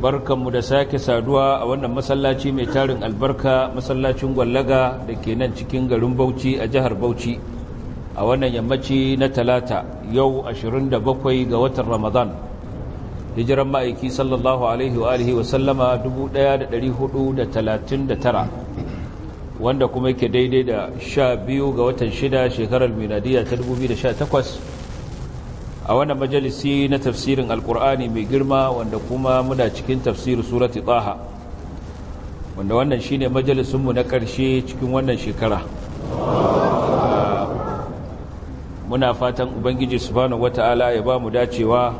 barkanmu da sake saduwa a wannan masallaci mai tarin albarka masallacin gwallaga da ke nan cikin garin bauchi a jihar bauchi a wannan yammaci na talata yau 27 ga watan ramadan hijiran ma'aiki sallallahu alaihi wa alihi wasallama 1439 wanda kuma yake daidai da 12 ga watan shida shekarar miladiyya ta 2018 a wannan majalisi na tafsirin alkur'ani mai girma wanda kuma muna cikin tafsirin surati taha wanda wannan shine majalisunmu na ƙarshe cikin wannan shekara ah, muna fatan ubangiji subhanahu wata'ala ya ba mu dacewa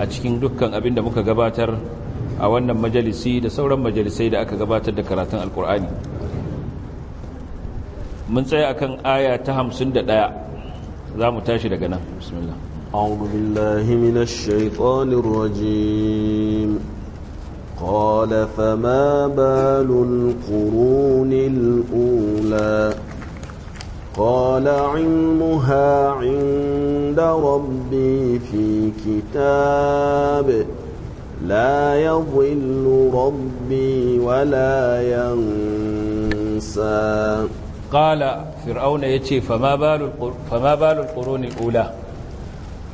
a cikin dukkan abin da muka gabatar a wannan majalisi da sauran majalisai da aka gabatar da karatun alkur'ani mun tsaya akan aya ta hamsin 51 za mu tashi daga nan bismillah أعوذ بالله من الشيطان الرجيم قال فما بال القرون الأولى قال علمها عند ربي في كتاب لا يضل ربي ولا ينسى قال فرعون يتي فما بال القرون الأولى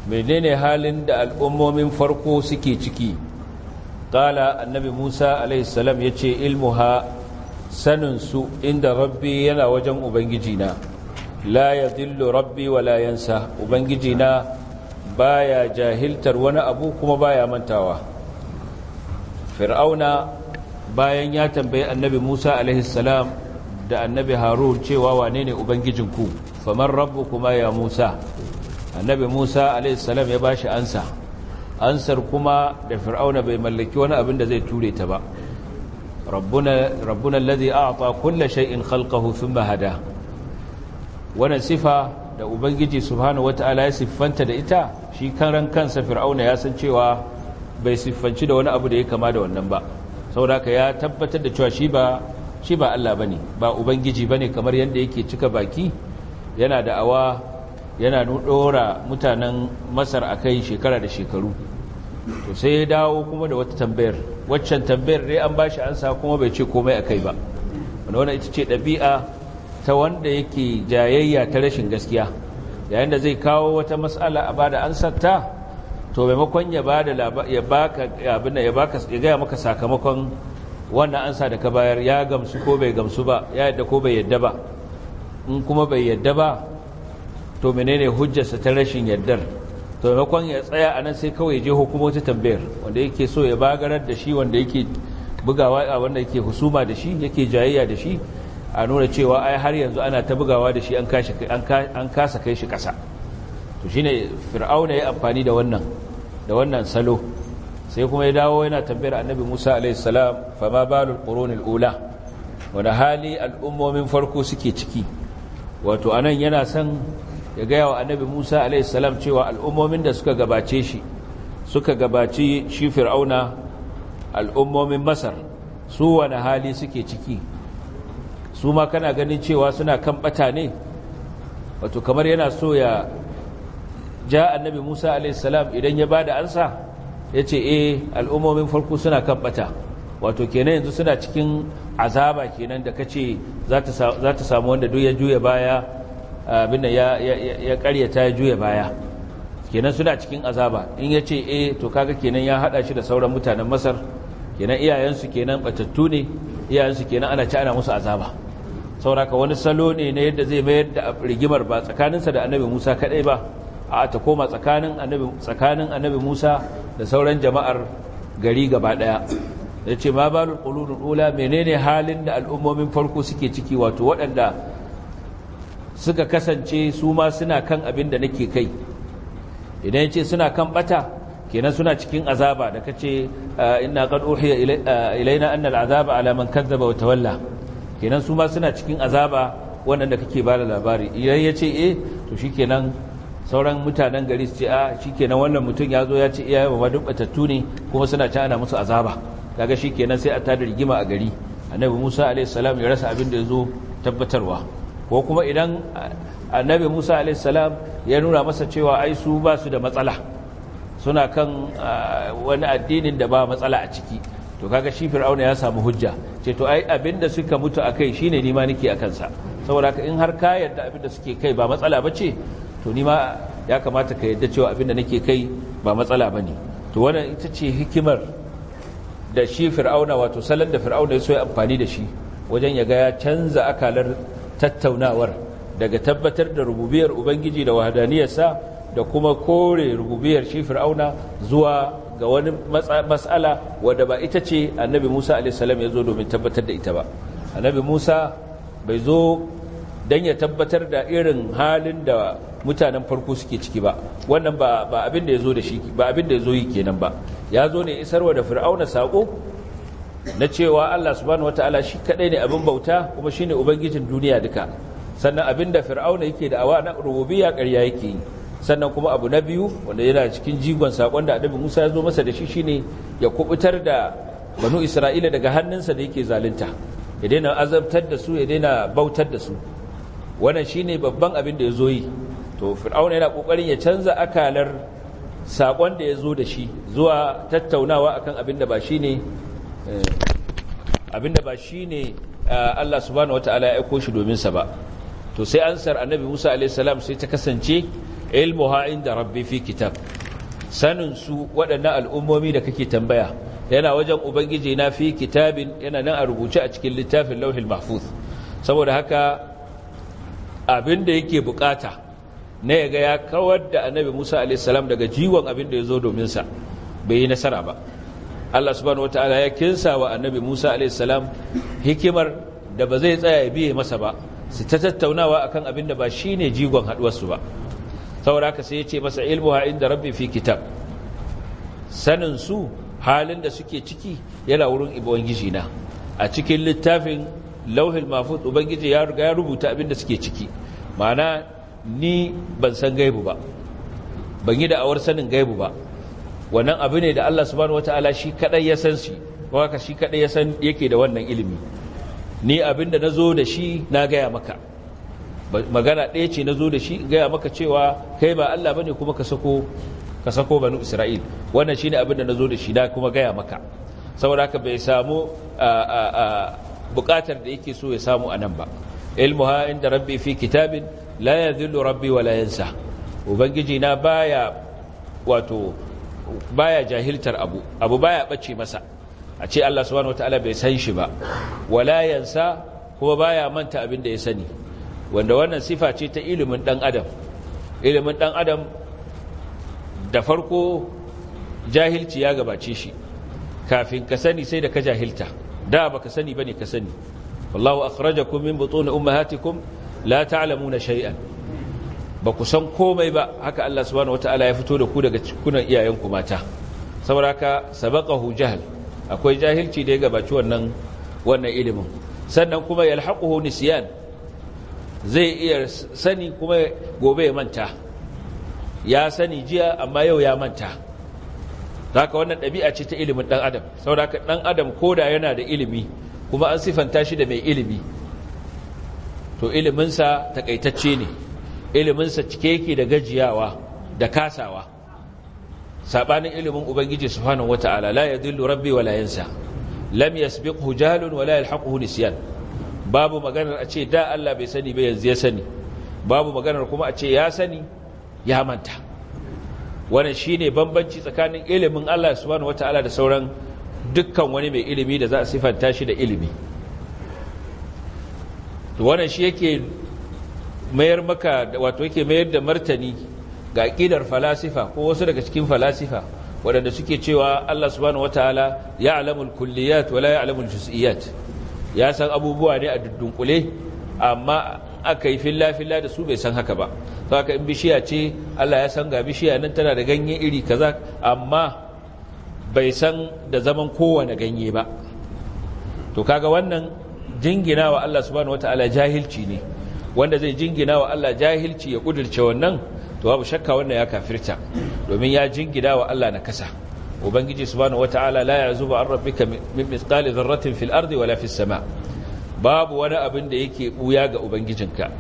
menene halin da al'ummomin farko suke ciki ƙala annabi musa alaihissalam ya ce ha saninsu inda rabbi yana wajen ubangijina la ya dillo rabbi wa layansa ubangijina ya jahiltar wani abu kuma baya mantawa fir'auna bayan ya tambayi annabi musa alaihissalam da annabi harun cewa wane ne ubangijinku Kamar rabbu kuma ya musa annabi musa alaihissalam ya ba shi ansa ansar kuma da fir'auna bai mallaki wani abin da zai ture ta ba rabbuna a afa kulla shay'in khalqahu thumma hada wannan sifa da ubangiji subhanahu wataala ya siffanta da ita shi karan kansa fir'auna ya san cewa bai siffanci da wani abu da ya kama da wannan ba sauraka ya tabbatar da cewa shi ba shi ba Allah bane ba ubangiji bane kamar yadda yake cika baki yana da awa yana dora mutanen masar a kai shekara da shekaru to sai ya dawo kuma da wata tambayar waccan tambayar dai an bashi ansa kuma bai ce komai a kai ba wanda wani ita ce ɗabi'a ta wanda yake jayayya ta rashin gaskiya yayin da zai kawo wata matsala a bada ansarta to maimakon ya bada ya ya baka ya gaya maka sakamakon wannan ansa da ka bayar ya gamsu ko bai gamsu ba ya yadda ko bai yadda ba in kuma bai yadda ba to menene hujjarsa ta rashin yardar to ya tsaya a nan sai kawai ya je hukumoci tambayar wanda yake so ya bagarar da shi wanda yake bugawa a wanda yake husuma da shi yake jayayya da shi a nuna cewa ai har yanzu ana ta bugawa da shi an kasa kai shi kasa to shine fir'auna ya amfani da wannan da wannan salo sai kuma ya dawo yana tambayar annabi Musa alayhi salam fa ma balul ula wani hali al'ummomin farko suke ciki wato anan yana san ya gaya wa annabi musa a.s. cewa al'ummomin da suka gabace shi suka gabaci shi fir'auna al'ummomin masar su wani hali suke ciki su ma kana ganin cewa suna kan bata ne wato kamar yana so ya ja annabi musa a.s. idan ya ba da ansa ya ce e al'ummomin farko suna kan bata wato kenan yanzu suna cikin azaba kenan da ka ce za ta samu wanda duk ya juya baya abinda da ya karyata ya juya baya kenan suna cikin azaba in ya ce eh to kaga kenan ya hada shi da sauran mutanen masar kenan iyayensu kenan batattu ne iyayensu kenan ana ci ana musu azaba sauraka wani salo ne na yadda zai mayar da rigimar ba tsakaninsa da annabi musa kadai ba a ta koma tsakanin annabi musa da sauran jama'ar gari gaba daya yace ma balul qulul menene halin da al'ummomin farko suke ciki wato waɗanda suka kasance su ma suna kan abin da nake kai idan ya ce suna kan bata kenan suna cikin azaba da kace ah, inna qad uhiya ah, ilaina anna al'azaba alaman kazzaba wa walla kenan su ma suna cikin azaba wannan kake bada labari idan ya ce eh to shikenan sauran mutanen gari su ce a ah, shikenan wannan mutum ya zo ya ce iyaye ba duk batattu ne kuma suna ci ana musu azaba kaga kenan sai a tada rigima a gari annabi Musa alaihi ya rasa abin da ya zo tabbatarwa ko kuma idan annabi musa alaihissalam ya nuna masa cewa ai su ba su da matsala suna kan wani addinin da ba matsala a ciki to kaga shi fir'auna ya samu hujja ce to ai abinda suka mutu a akai shine nima nake akan sa saboda ka in har ka yarda abinda suke kai ba matsala bace to nima ya kamata ka yadda cewa abinda nake kai ba matsala bane to wannan ita ce hikimar da shi fir'auna wato salon da fir'auna ya so ya amfani da shi wajen ya ga ya canza akalar tattaunawar daga tabbatar da rububiyar ubangiji da wahadaniyarsa da kuma kore rububiyar shi fir'auna zuwa ga wani matsala wadda ba ita ce annabi musa a.s. ya zo domin tabbatar da ita ba annabi musa bai zo don ya tabbatar da irin halin da mutanen farko suke ciki ba wannan ba abin da ya zo ba ya zo yi kenan ba ya zo ne isarwa da fir'auna saƙo na cewa Allah subhanahu wataala shi kadai ne abin bauta kuma shine ubangijin duniya duka sannan abinda fir'auna yake da awa na rububiyya ƙarya yake sannan kuma abu na biyu wanda yana cikin jigon sakon da annabi Musa ya zo masa da shi shine ya kubutar da banu Isra'ila daga hannunsa da yake zalunta ya daina azabtar da su ya daina bautar da su wannan shine babban abin da ya zo yi to fir'auna yana kokarin ya canza akalar sakon da ya zo da shi zuwa tattaunawa akan abin da ba shine abinda ba shi ne eh, Allah subhanahu ta'ala ya aiko shi domin sa ba to sai ansar annabi Musa alaihi salam sai ta kasance ilmuha inda rabbi fi kitab sanin su waɗannan al'ummomi da kake tambaya yana wajen ubangiji na fi kitabin yana nan a rubuce a cikin littafin lauhil mahfuz saboda haka abin da yake bukata na ga ya kawar da annabi Musa alaihi salam daga jiwon abin da ya zo domin sa bai yi nasara ba Allah subhanahu wataala ya kinsa wa annabi Musa a.s. hikimar da ba zai tsaya ya biye masa ba su ta tattaunawa akan abin da ba shine jigon haduwarsu ba saboda haka sai ya ce masa ilmuha inda rabbi fi kitab sanin su halin da suke ciki yana wurin ubangiji na a cikin littafin lauhil mahfuz ubangiji ya riga ya rubuta abin da suke ciki ma'ana ni ban san gaibu ba ban yi da awar sanin gaibu ba wannan abu ne da Allah subhanahu wataala shi kadai ya san shi shi kadai ya san yake da wannan ilimi ni abinda nazo da shi na gaya maka magana ɗaya ce nazo da shi gaya maka cewa kai ba Allah bane kuma ka sako ka sako banu Isra'il wannan shine abinda nazo da shi da kuma gaya maka saboda haka bai samu bukatar da yake so ya samu anan ba ilmuha inda rabbi fi kitabin la yadhillu rabbi wa la yansa ubangiji na baya wato baya jahiltar abu abu baya bace masa a ce Allah subhanahu wataala bai san shi ba wala yansa kuma baya manta abin da ya sani wanda wannan sifa ce ta ilimin dan adam ilimin dan adam da farko jahilci ya gabace shi kafin ka sani sai da ka jahilta da baka sani bane ka sani wallahu akhrajakum min butun ummahatikum la ta'lamuna shay'an ba ku san komai ba haka Allah subhanahu wata'ala ya fito da ku daga cikunan iyayenku mata saboda haka sabaqahu jahl akwai jahilci da ya gabaci wannan wannan ilimin sannan kuma yalhaquhu nisyan zai iya sani kuma gobe ya manta ya sani jiya amma yau ya manta haka wannan ɗabi'a ce ta ilimin ɗan adam saboda haka ɗan adam koda yana da ilimi kuma an sifanta shi da mai ilimi to iliminsa takaitacce ne iliminsa cike yake da gajiyawa da kasawa sabanin ilimin ubangiji subhanahu wata'ala la yadillu rabbi wala yansa lam yasbiqhu jahlun wala yalhaquhu nisyan babu maganar a ce da Allah bai sani ba yanzu ya sani babu maganar kuma a ce ya sani ya manta wannan shine bambanci tsakanin ilimin Allah subhanahu wata'ala da sauran dukkan wani mai ilimi da za a sifanta shi da ilimi wannan shi yake mayar maka wato yake mayar da martani ga aƙidar falasifa ko wasu daga cikin falasifa waɗanda suke cewa Allah subhanahu wataala ya alamul kulliyat wala ya alamul jusiyat ya san abubuwa ne a dudunkule amma aka yi filla-filla da su bai san haka ba saka in bishiya ce Allah ya san ga bishiya nan tana da ganye iri kaza amma bai san da zaman kowane ganye ba to kaga wannan jinginawa Allah subhanahu wataala jahilci ne wanda zai jingina wa Allah jahilci ya kudirce wannan to babu shakka wannan ya kafirta domin ya jingina wa Allah na kasa ubangiji subhanahu wataala la yazubu an rabbika min mithqali dharratin fil ardi wala fis sama babu wani abin da yake buya ga ubangijinka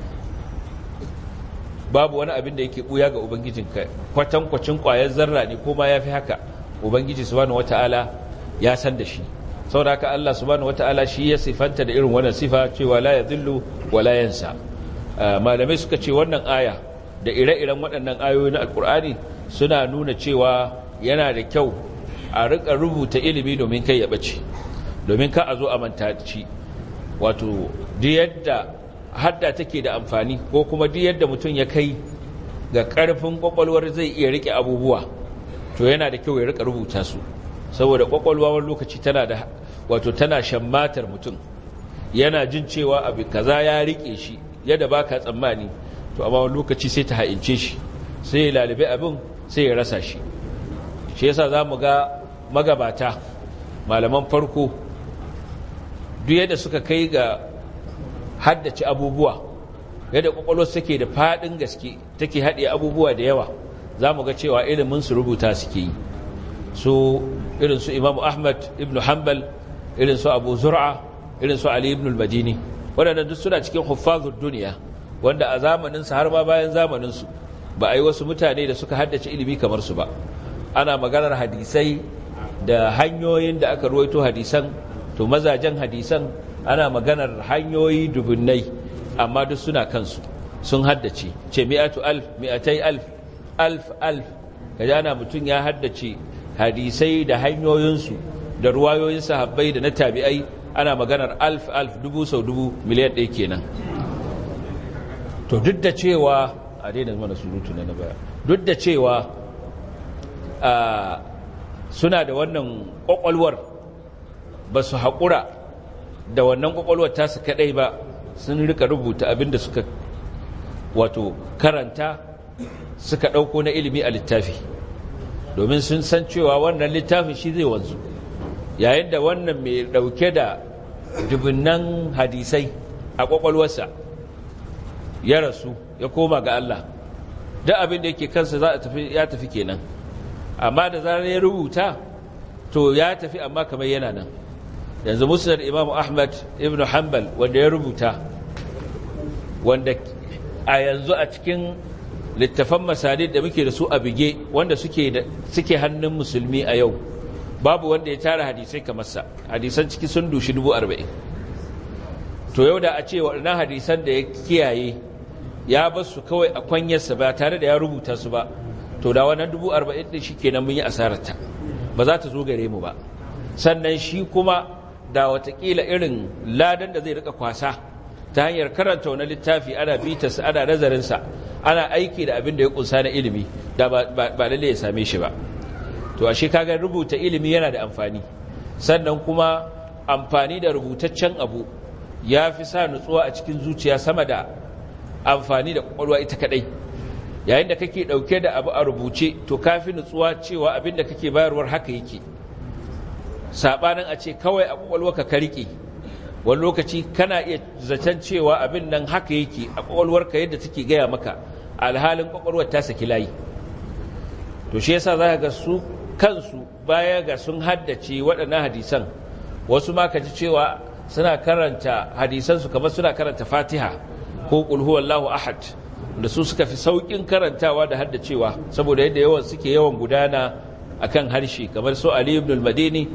babu wani abin da yake buya ga ubangijinka kwatan kwacin kwayar zarra ne ko ma yafi haka ubangiji subhanahu wataala ya san da shi saboda haka Allah subhanahu wataala shi ya sifanta da irin wannan sifa cewa la yadhillu wala yansa Eh, malamai suka ce wannan aya da ire-iren waɗannan ayoyi na alkur'ani suna nuna cewa yana da kyau a riƙa rubuta ilimi domin kai ya ɓace domin ka a zo a manta wato duk yadda hadda take da amfani ko kuma duk yadda mutum ya kai ga ƙarfin ƙwaƙwalwar zai iya riƙe abubuwa to yana da kyau ya riƙa rubuta su saboda ƙwaƙwalwa lokaci tana da wato tana shammatar mutum yana jin cewa abu kaza ya riƙe shi yadda ba ka tsammani to amma wani lokaci sai ta ha'ince shi sai ya lalibe abin sai ya rasa shi shi yasa za mu ga magabata malaman farko duk yadda suka kai ga haddace abubuwa yadda kwakwalwar suke da faɗin gaske take haɗe abubuwa da yawa za mu ga cewa ilimin su rubuta suke yi su irinsu imamu ahmad ibn hanbal irinsu abu zura irinsu ali ibn al-madini waɗannan duk suna cikin huffazur duniya wanda a zamaninsu har ma bayan zamaninsu ba a yi wasu mutane da suka haddace ilimi kamar su ba ana maganar hadisai da hanyoyin da aka ruwaito hadisan to mazajen hadisan ana maganar hanyoyi dubunnai amma duk suna kansu sun haddace ce mi'atu alf mi'atai alf alf alf kaji ana mutum ya haddace hadisai da hanyoyinsu da ruwayoyin sahabbai da na tabi'ai ana maganar alf alf dubu sau dubu miliyan ɗaya kenan to duk da cewa a daina da surutu na baya duk da cewa suna da wannan ƙwaƙwalwar ba su haƙura da wannan ƙwaƙwalwar su kaɗai ba sun rika rubuta abin da suka wato karanta suka ɗauko na ilimi a littafi domin sun san cewa wannan littafin shi zai wanzu yayin da wannan mai ɗauke da Dubinnan hadisai a kwakwalwarsa ya rasu ya koma ga Allah duk abin da yake kansa za a tafi ya tafi kenan amma da zarar ya rubuta to ya tafi amma kamar yana nan yanzu musnad imamu ahmad ibn hanbal wanda ya rubuta wanda a yanzu a cikin littafan masalid da muke da su a bige wanda suke hannun musulmi a yau babu wanda ya tara hadisai kamar sa hadisan ciki sun dushi dubu to yau da a ce waɗannan hadisan da ya kiyaye ya bar su kawai a kwanyarsa ba tare da ya rubuta su ba to da wannan dubu arba'in ɗin mun yi asararta ba za ta zo gare mu ba sannan shi kuma da watakila irin ladan da zai rika kwasa ta hanyar karanta wani littafi ana su ana sa ana aiki da abin da ya kunsa na ilimi da ba lalle ya same shi ba to ashe kaga rubuta ilimi yana da amfani sannan kuma amfani da rubutaccen abu ya fi sa nutsuwa a cikin zuciya sama da amfani da kwakwalwa ita kadai yayin da kake dauke da abu a rubuce to kafi nutsuwa cewa abin kake bayarwar haka yake sabanin a ce kawai a kwakwalwa ka rike wani lokaci kana iya zaton cewa abin nan haka yake a kwakwalwarka yadda take gaya maka alhalin kwakwalwar ta saki layi to shi yasa za ga su kansu baya ga sun haddace waɗannan hadisan wasu ma ka ji cewa suna karanta hadisansu kamar suna karanta fatiha ko ƙulhuwallahu ahad da su suka fi sauƙin karantawa da haddacewa saboda yadda yawan suke yawan gudana a kan harshe kamar su ali ibn al-madini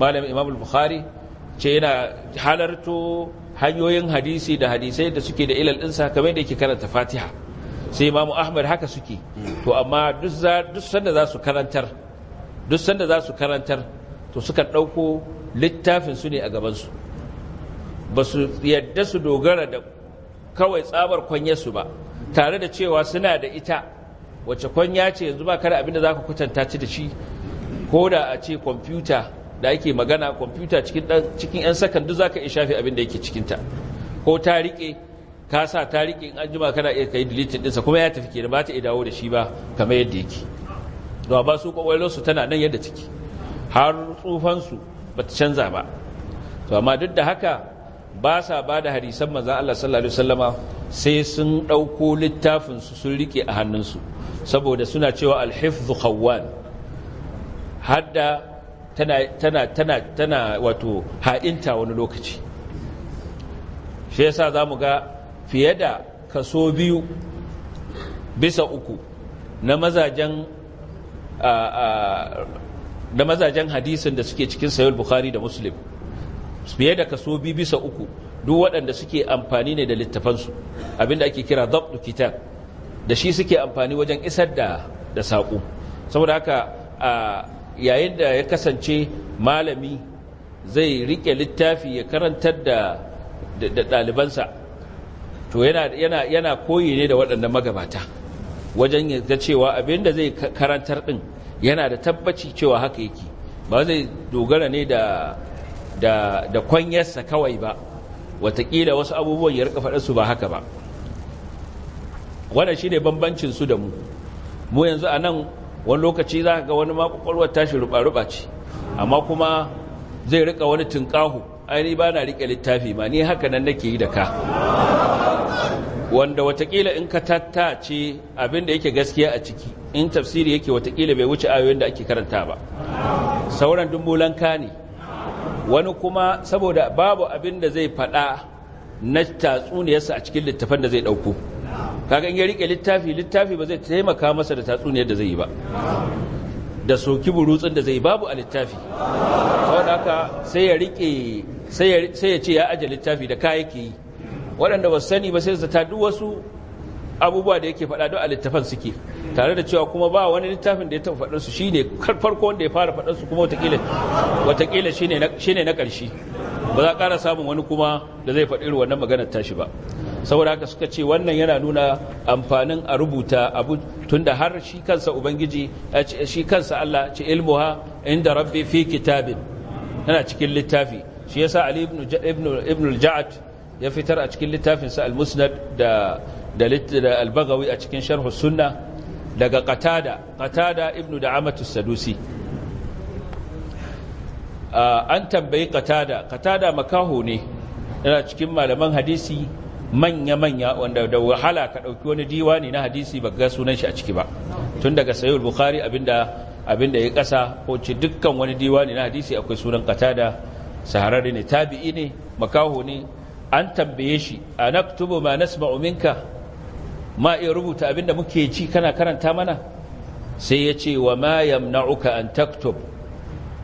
malam imam al-bukhari ce yana halarto hanyoyin hadisi da hadisai da suke da ilal ɗinsa kamar yadda yake karanta fatiha sai imamu ahmad haka suke to amma duk sanda za su karantar duk sanda za su karantar to suka ɗauko littafin su ne a gabansu ba su yadda su dogara da kawai tsabar kwanyarsu ba tare da cewa suna da ita wacce kwanya ce yanzu ba kada abinda za ka kwatanta ci da shi ko da a ce kwamfuta da ake magana kwamfuta cikin 'yan sakan duk za ka iya shafi abinda yake cikinta ko ta riƙe ka sa ta riƙe in an jima kana iya kai dilitin ɗinsa kuma ya tafi ke da ba ta iya dawo da shi ba kamar yadda yake to ba su kwakwalwarsu tana nan yadda ciki har tsufansu ba ta canza ba to amma duk da haka ba sa ba da harisan maza Allah sallallahu Alaihi wasallama sai sun ɗauko littafinsu sun rike a hannunsu saboda suna cewa alhifzu khawwan hadda tana tana tana tana wato ha'inta wani lokaci shi yasa za mu ga fiye da kaso biyu bisa uku na mazajen na mazajen hadisin da suke cikin sayar bukhari da muslim fiye da kaso biyu bisa uku duk waɗanda suke amfani ne da littafansu abinda ake kira zabtu kitab da shi suke amfani wajen isar da da saƙo saboda haka yayin da ya kasance malami zai riƙe littafi ya karantar da ɗalibansa to yana koyi ne da waɗannan magabata wajen ga cewa abin da zai karantar din yana da tabbaci cewa haka yake ba zai dogara ne da da da kwanyarsa kawai ba watakila wasu abubuwan ya rika faɗa su ba haka ba wannan shine bambancin su da mu mu yanzu a nan wani lokaci za ga wani makwakwalwar tashi ruba-ruba ce amma kuma zai rika wani tunkahu ainihi ba na rike littafi ma ni haka nan nake yi da ka wanda watakila in ka tattace abinda yake gaskiya a ciki in tafsiri yake watakila bai wuce ayoyin da ake karanta ba sauran ka ne wani kuma saboda babu abin da zai faɗa na tatsuniyarsa a cikin littafan da zai ɗauko kaga in ya rike littafi littafi ba zai taimaka masa da tatsuniyar da zai yi ba da soki burutsun da zai babu a littafi saboda haka sai ya rike sai ya ce ya aje littafi da yake yi waɗanda ba sani ba sai zata duk wasu abubuwa da yake faɗa duk a littafan suke tare da cewa kuma ba wani littafin da ya taɓa faɗin su ne farko wanda ya fara faɗin kuma watakila watakila shine na na ƙarshe ba za ƙara samun wani kuma da zai faɗi irin wannan maganar tashi ba saboda haka suka ce wannan yana nuna amfanin a rubuta abu da har shi kansa ubangiji eh, shi kansa Allah ce ilmuha inda rabbi fi kitabin yana cikin littafi shi yasa ali ibn ibn ibn al ya fitar a cikin littafinsa al-musnad da da al-bagawi a cikin sharh sunna daga qatada qatada ibnu da'amatu sadusi an tambayi qatada qatada makaho ne yana cikin malaman hadisi manya-manya wanda da wahala ka ɗauki wani diwani na hadisi ba ga sunan shi a ciki ba tun daga sayul bukhari abinda abinda ya ƙasa ko ci dukkan wani diwani na hadisi akwai sunan qatada sahararri ne tabi'i ne makaho ne an tambaye shi a naktubu ma nasma'u ma iya rubuta abinda muke ci kana karanta mana sai ya ce wa ma yamna'uka an taktub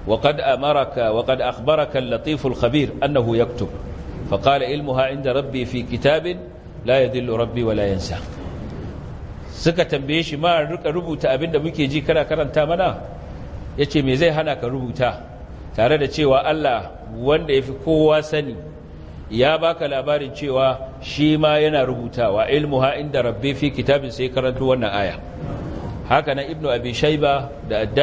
wa qad amaraka wa qad akhbaraka al-latif al-khabir annahu yaktub fa qala ilmuha inda rabbi fi kitabin la yadillu rabbi wa la yansa suka tambaye shi ma rika rubuta abinda muke ji kana karanta mana yace me zai hana ka rubuta tare da cewa Allah wanda yafi kowa sani ya baka labarin cewa shi ma yana rubutawa ilmuha inda rabbi fi kitabin sai karanto wannan aya haka nan ibnu abi shayba da ad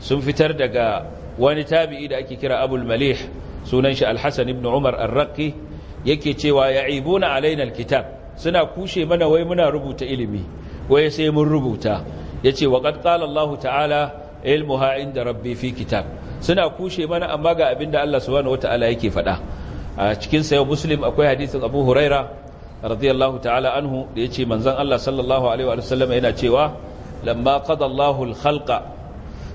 sun fitar daga wani tabi'i da ake kira abul malih sunan shi Alhassan ibnu ibn umar ar-raqi yake cewa ya'ibuna alaina al-kitab suna kushe mana wai muna rubuta ilimi wai sai mun rubuta yace wa qad qala Allah ta'ala ilmuha inda rabbi fi kitab suna kushe mana amma ga abinda Allah subhanahu wataala yake faɗa a cikin sayo muslim akwai hadisin abu huraira radiyallahu ta'ala anhu da ya ce manzan Allah sallallahu alaihi wa sallam yana cewa lamma qada al-khalqa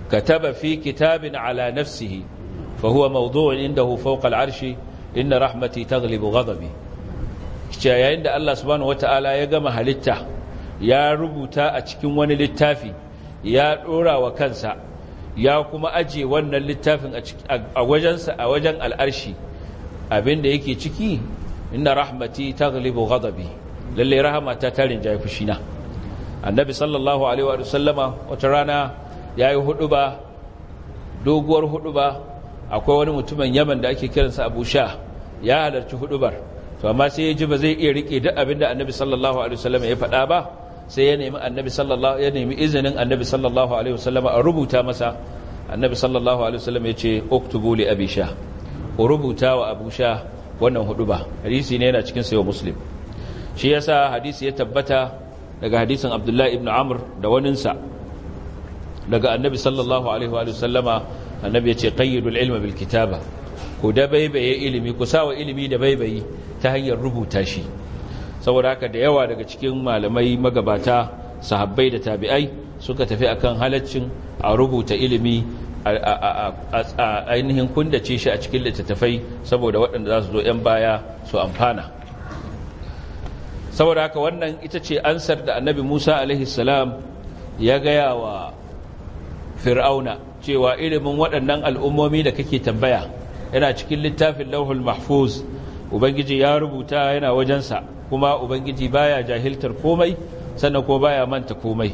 kataba fi kitabin ala nafsihi fa huwa mawdu'un indahu fawqa al-arshi inna rahmati taghlibu ghadabi kice yayin da Allah subhanahu wata'ala ya gama halitta ya rubuta a cikin wani littafi ya dora wa kansa ya kuma aje wannan littafin a wajensa a wajen al-arshi abin da yake ciki inna rahmati taghlibu ghadabi lalle rahmata ta rinjaye fushina annabi sallallahu alaihi wa sallama wata rana yayi huduba doguwar akwai wani mutumin Yaman da ake kiransa Abu Sha ya halarci hudubar to amma sai ya ji ba zai iya rike duk abin da annabi sallallahu alaihi wa sallama ya faɗa ba sai ya nemi annabi sallallahu ya nemi izinin annabi sallallahu alaihi wa sallama a rubuta masa annabi sallallahu alaihi wa ya ce uktubu li abi sha rubuta wa abu sha wannan hudu ba hadisi ne yana cikin sayo muslim shi yasa hadisi ya tabbata daga hadisin abdullahi ibn amr da waninsa daga annabi sallallahu alaihi wa sallama annabi ya ce qayyidul ilma bil kitaba ku da baibaye ilimi ku sawa ilimi da baibayi ta hanyar rubuta shi saboda haka da yawa daga cikin malamai magabata sahabbai da tabi'ai suka tafi akan halaccin a rubuta ilimi a ainihin kundace shi a cikin littattafai saboda waɗanda za su zo 'yan baya su amfana saboda haka wannan ita ce ansar da annabi musa alaihissalam ya gaya wa fir'auna cewa ilimin waɗannan al'ummomi da kake tambaya yana cikin littafin lauhul mahfuz ubangiji ya rubuta yana wajensa kuma ubangiji baya jahiltar komai sannan ko baya manta komai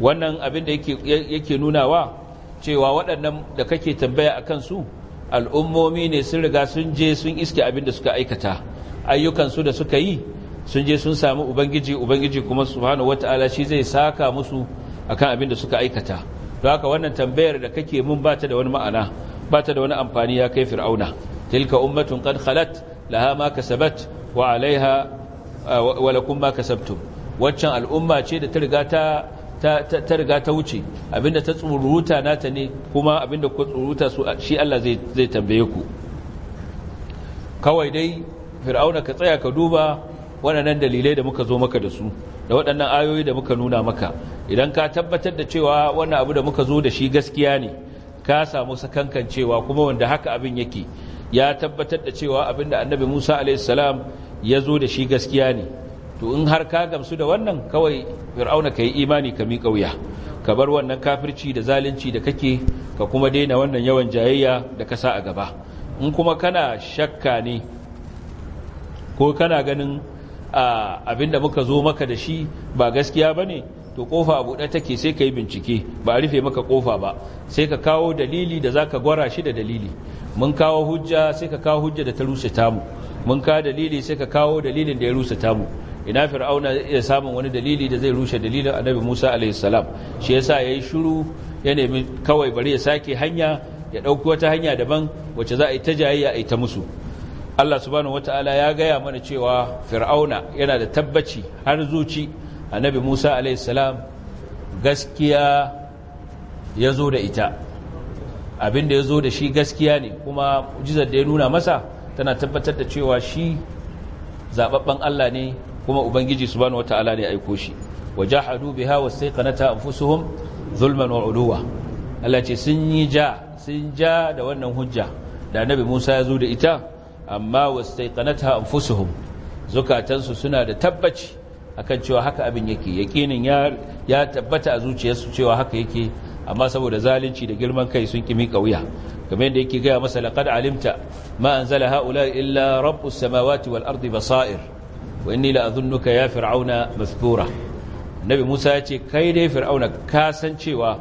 wannan abin da yake nunawa cewa waɗannan da kake tambaya a kansu al'ummomi ne sun riga sun je sun iske abin da suka aikata ayyukansu da suka yi sun je sun sami ubangiji ubangiji kuma subhanahu wata'ala shi zai saka musu akan abin da suka aikata To haka wannan tambayar da kake mun ta da wani ma'ana ta da wani amfani ya kai fir'auna tilka ummatun qad khalat laha ma kasabat wa alaiha wa lakum ma kasabtum waccan al'umma ce da ta riga ta ta riga ta wuce abinda ta tsuruta nata ne kuma abinda ku tsuruta su shi Allah zai tambaye ku kawai dai fir'auna ka tsaya ka duba waɗannan dalilai da muka zo maka da su da waɗannan ayoyi da muka nuna maka idan ka tabbatar da cewa wannan abu da muka zo da shi gaskiya ne ka samu sakankan cewa kuma wanda haka abin yake ya tabbatar da cewa abin da annabi musa salam ya zo da shi gaskiya ne to in har ka gamsu da wannan kawai fir'auna ka yi imani ka miƙa wuya ka bar wannan kafirci da zalunci da kake ka kuma daina wannan yawan jayayya da ka sa a gaba in kuma kana shakka ne ko kana ganin abinda muka zo maka da shi ba gaskiya ba ne to kofa a buɗe take sai ka yi bincike ba a rufe maka kofa ba sai ka kawo dalili da za ka gwara shi da dalili mun kawo hujja sai ka kawo hujja da ta rusa tamu mun kawo dalili sai ka kawo dalilin da ya rusa tamu ina fir'auna ya samun wani dalili da zai rushe dalilin annabi musa alaihissalam shi yasa ya yi shuru ya nemi kawai bari ya sake hanya ya ɗauki wata hanya daban wacce za a yi ta jayayya a yi ta musu allah subhanahu wata'ala ya gaya mana cewa fir'auna yana da tabbaci har zuci annabi musa alaihissalam gaskiya ya zo da ita abin da ya zo da shi gaskiya ne kuma jizar da ya nuna masa tana tabbatar da cewa shi zaɓaɓɓen allah ne kuma ubangiji subhanahu wataala ne aiko shi wajahadu biha wastaqanata anfusuhum zulman wa uluwa Allah ce sun yi ja sun ja da wannan hujja da annabi Musa ya zo da ita amma wastaqanata anfusuhum zukatansu suna da tabbaci akan cewa haka abin yake yakinin ya ya tabbata a zuciyarsu cewa haka yake amma saboda zalunci da girman kai sun kimi kauya kamar yadda yake gaya masa laqad alimta ma anzala haula illa rabbus samawati wal ardi basair wa inni la ya fir'auna masbura nabi Musa ya ce kai dai fir'auna ka san cewa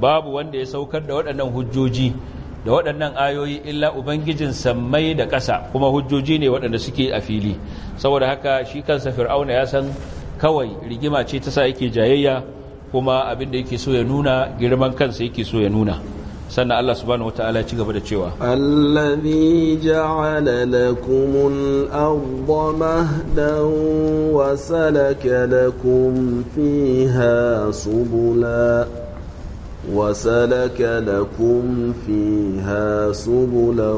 babu wanda ya saukar da waɗannan hujjoji da waɗannan ayoyi illa ubangijin samai da ƙasa kuma hujjoji ne waɗanda suke a fili saboda haka shi kansa fir'auna ya san kawai rigima ce ta sa yake jayayya kuma abin da yake so ya nuna girman kansa yake so ya nuna sannan Allah subhanahu wataala ya ci gaba da cewa allazi ja'ala lakumul arda mahdan wa salaka lakum fiha subula وسلك لكم فيها سبلا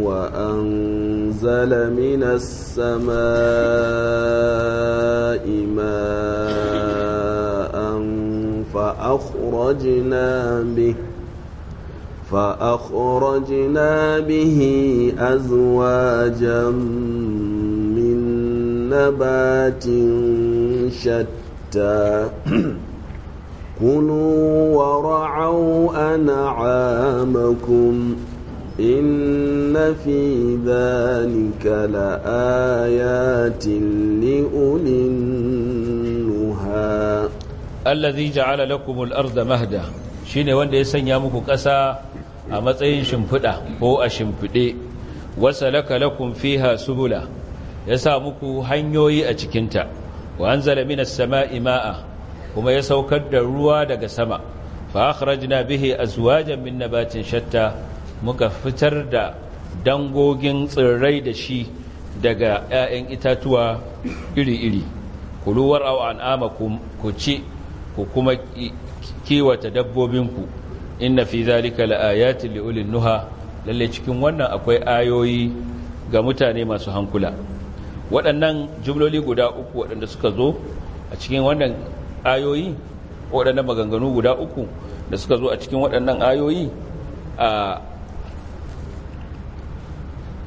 وأنزل من السماء ماء فأخرجنا به فأخرجنا به أزواجا من نبات شتى كلوا ورعوا أنعامكم إن في ذلك لآيات لأولي النهى الذي جعل لكم الأرض مهدا shine wanda ya sanya muku ƙasa a matsayin shimfiɗa ko a shimfiɗe wasa lakalakun fiha subula ya sa muku hanyoyi a cikinta wa an zala sama'i ma'a kuma ya saukar da ruwa daga sama fa bihe a zuwajen min nabatin shatta muka fitar da dangogin tsirrai da shi daga 'ya'yan itatuwa iri-iri kuluwar au an'amakum ku ci ku kuma kiwata dabbobinku inna fi zalika laayatin liulil nuha lalle cikin wannan akwai ayoyi ga mutane masu hankula waɗannan jumloli guda uku waɗanda suka zo a cikin wannan ayoyi waɗannan maganganu guda uku da suka zo a cikin waɗannan ayoyi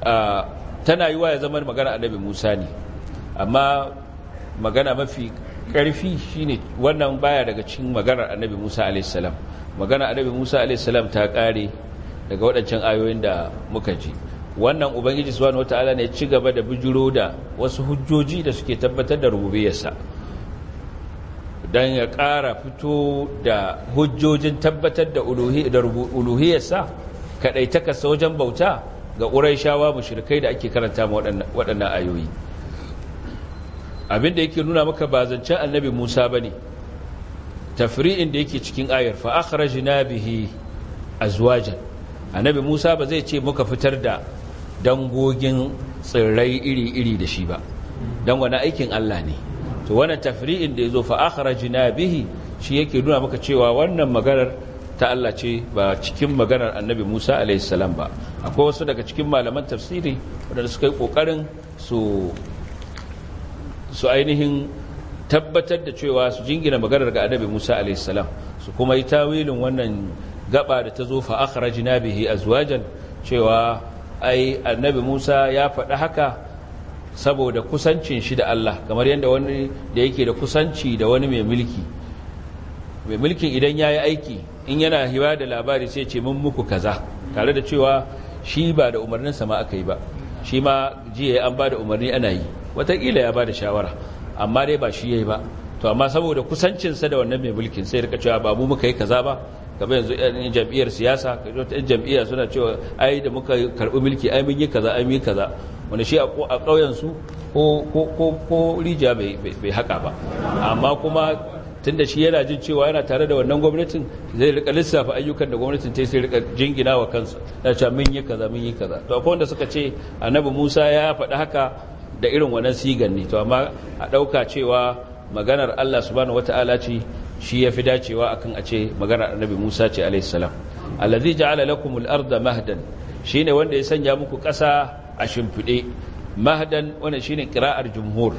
a tana yi wa ya zama magana annabi musa ne amma magana mafi ƙarfi shine wannan baya daga cikin maganar annabi musa salam magana annabi Musa a.s. ta ƙare daga waɗancan ayoyin da muka ji wannan ubangiji subhanahu wataala ne ci gaba da bijiro da wasu hujjoji da suke tabbatar da rububiyarsa dan ya ƙara fito da hujjojin tabbatar da uluhiyarsa kadai ta kasa wajen bauta ga ƙuraishawa mushrikai da ake karanta ma waɗannan ayoyi abinda yake nuna maka ba zancen annabi Musa ba ne. tafri'in da yake cikin ayar fa akhrajna bihi azwajan annabi Musa ba zai ce muka fitar da dangogin tsirrai iri-iri da shi ba dan wani aikin Allah ne to wannan tafri'in da yazo fa akhrajna bihi shi yake nuna maka cewa wannan maganar ta Allah ce ba cikin maganar annabi Musa alaihi salam ba akwai wasu daga cikin malaman tafsiri wadanda suka yi kokarin su su ainihin tabbatar da cewa su jingina maganar ga annabi Musa alaihi salam su kuma yi tawilin wannan gaba da ta zo fa akhrajna bihi azwajan cewa ai annabi Musa ya faɗi haka saboda kusancin shi da Allah kamar yadda wani da yake da kusanci da wani mai mulki mai mulkin idan yayi aiki in yana hiwa da labari sai ce mun muku kaza tare da cewa shi ba da umarnin sama aka yi ba shi ma jiya an ba da umarni ana yi watakila ya ba da shawara amma dai ba shi yayi ba to amma saboda kusancinsa da wannan mai mulkin sai rika cewa ba mu muka yi kaza ba kamar yanzu yan jam'iyyar siyasa yan jam'iyya suna cewa ai da muka karbi mulki ai mun yi kaza ai mun yi kaza wanda shi a ƙauyen su ko ko ko bai haka ba amma kuma tunda shi yana jin cewa yana tare da wannan gwamnatin zai rika lissafa ayyukan da gwamnatin ta sai rika jingina wa kansa da cewa mun yi kaza mun yi kaza to akwai wanda suka ce annabi Musa ya faɗi haka da irin wannan sigan ne to amma a ɗauka cewa maganar Allah subhanahu wata'ala ce shi yafi dacewa akan a ce maganar annabi Musa ce alaihi salam allazi ja'ala lakumul arda mahdan shine wanda ya sanya muku ƙasa a shimfide mahdan wannan shine qira'ar jumhur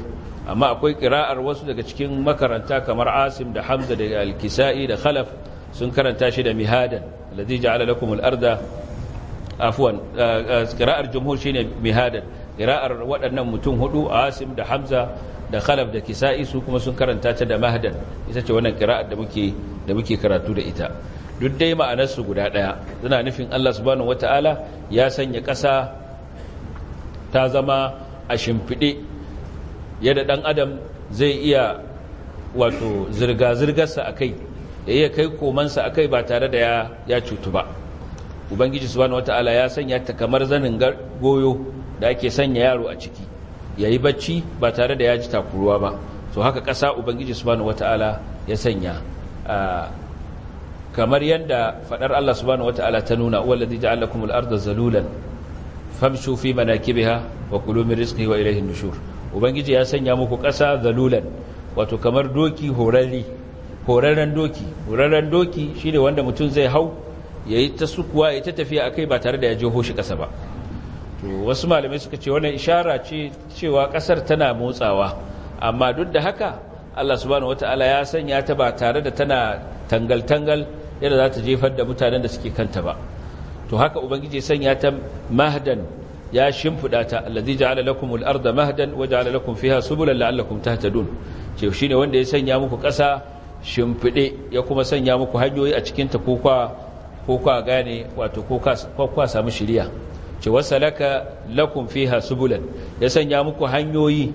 amma akwai qira'ar wasu daga cikin makaranta kamar Asim da Hamza da Al-Kisa'i da Khalaf sun karanta shi da mihadan allazi ja'ala lakumul arda afwan qira'ar eh, eh, jumhur shine mihadan ƙira'ar waɗannan mutum hudu asim da hamza da khalaf da kisa'i su kuma sun karanta ta da mahadan ita ce wannan ƙira'ar da muke da muke karatu da ita duk dai ma'anarsu guda ɗaya suna nufin allah subhanahu wata'ala ya sanya ƙasa ta zama a shimfiɗe yadda ɗan adam zai iya wato zirga-zirgarsa a kai ya iya kai komansa a kai ba tare da ya cutu ba ubangiji subhanahu wata'ala ya sanya ta kamar zanin goyo da ake sanya yaro a ciki ya yi bacci ba tare da ya ji takuruwa ba to haka ƙasa ubangiji subhanahu wataala ya sanya kamar yadda faɗar Allah subhanahu wataala ta nuna wallazi kuma arda zalulan famshu fi manakibiha wa kulu min wa ilayhi nushur ubangiji ya sanya muku ƙasa zalulan wato kamar doki horarren doki horarren doki shine wanda mutum zai hau yayi ta sukuwa ya ta tafiya akai ba tare da ya je hoshi ƙasa ba to wasu malamai suka ce wannan ishara ce cewa kasar tana motsawa amma duk da haka Allah subhanahu wataala ya sanya ta ba tare da tana tangal-tangal yadda za ta jefar da mutanen da suke kanta ba to haka ubangiji sanya ta mahdan ya shimfida ta allazi ja'ala al arda mahdan wa ja'ala lakum fiha subulan la'allakum tahtadun ce shine wanda ya sanya muku kasa shimfide ya kuma sanya muku hanyoyi a cikin ta ko kwa gane wato ko kokwa samu shiriya ce wasalaka lakum fiha subulan ya sanya muku hanyoyi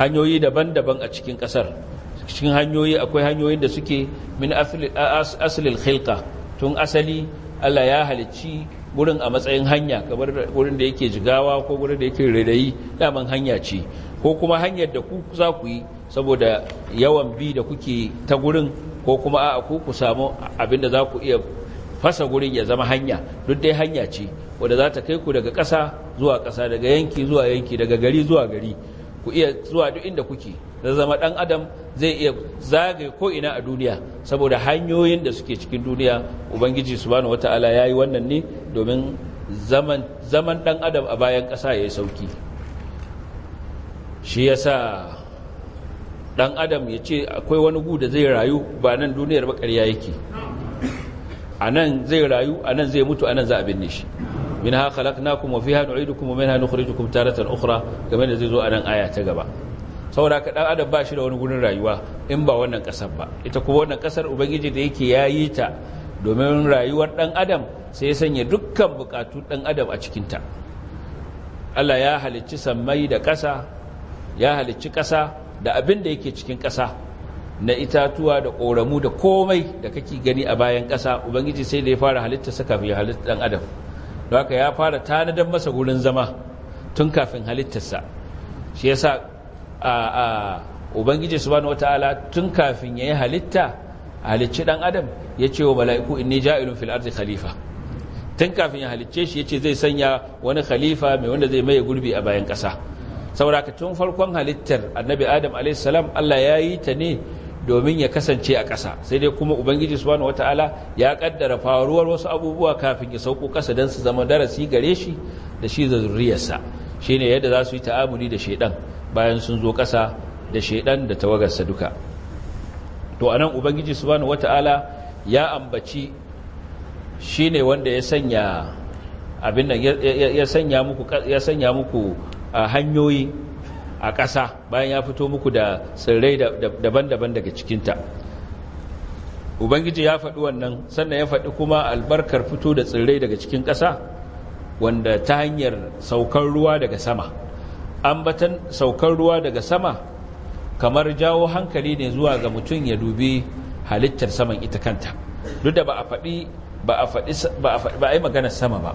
hanyoyi daban-daban a cikin kasar cikin hanyoyi akwai hanyoyin da suke min asalin khilka tun asali Allah ya halicci gurin a matsayin hanya kamar gurin da yake jigawa ko gurin da yake redayi daman hanya ce ko kuma hanyar da ku za ku yi saboda yawan bi da kuke ta gurin ko kuma a ku ku samu da za ku iya fasa gurin ya zama hanya duk dai hanya ce wadda za ta kai ku daga ƙasa zuwa ƙasa daga yanki zuwa yanki daga gari zuwa gari ku iya zuwa duk inda kuke da zama ɗan adam zai iya zagaye ko ina a duniya saboda hanyoyin da suke cikin duniya ubangiji su wata wataala ya yi wannan ne domin zaman ɗan adam a bayan ƙasa ya yi sauki shi ya sa ɗan adam ya ce akwai wani gu da zai rayu ba nan duniyar ya yake a nan zai rayu a nan zai mutu a nan za a binne shi minha khalaqnakum wa fiha nu'idukum wa minha nukhrijukum taratan ukhra kamar da zai zo a nan aya ta gaba saboda ka dan adam ba shi da wani gurin rayuwa in ba wannan kasar ba ita kuma wannan kasar ubangiji da yake yayi ta domin rayuwar dan adam sai ya sanya dukkan bukatu dan adam a cikin ta Allah ya halicci sammai da kasa ya halicci kasa da abin da yake cikin kasa na itatuwa da koramu da komai da kake gani a bayan kasa ubangiji sai da ya fara halitta saka fi halitta dan adam haka ya fara tanadar masa gurin zama tun kafin halittarsa shi sa a a ubangiji subhanahu wataala tun kafin yayi halitta halicci dan adam yace wa mala'iku inni ja'ilun fil arzi khalifa tun kafin ya halicce shi ya ce zai sanya wani khalifa mai wanda zai maye gurbi a bayan kasa saboda tun farkon halittar annabi adam alaihi salam Allah ya yi ta ne domin ya kasance a ƙasa sai dai kuma ubangiji subhanahu wataala ya kaddara faruwar wasu abubuwa kafin ya sauko ƙasa don su zama darasi gare shi da shi da zuriyarsa shine yadda za su yi ta'amuli da shaidan bayan sun zo ƙasa da shaidan da tawagarsa duka to anan ubangiji subhanahu wataala ya ambaci shine wanda ya sanya abin nan ya sanya muku ya sanya muku hanyoyi a ƙasa bayan ya fito muku da tsirrai daban-daban daga cikinta ubangiji ya faɗi wannan sannan ya faɗi kuma albarkar fito da tsirrai daga cikin ƙasa wanda ta hanyar saukar ruwa daga sama ambatan saukar ruwa daga sama kamar jawo hankali ne zuwa ga mutum ya dubi halittar saman ita kanta duk da ba a faɗi ba a yi maganar sama ba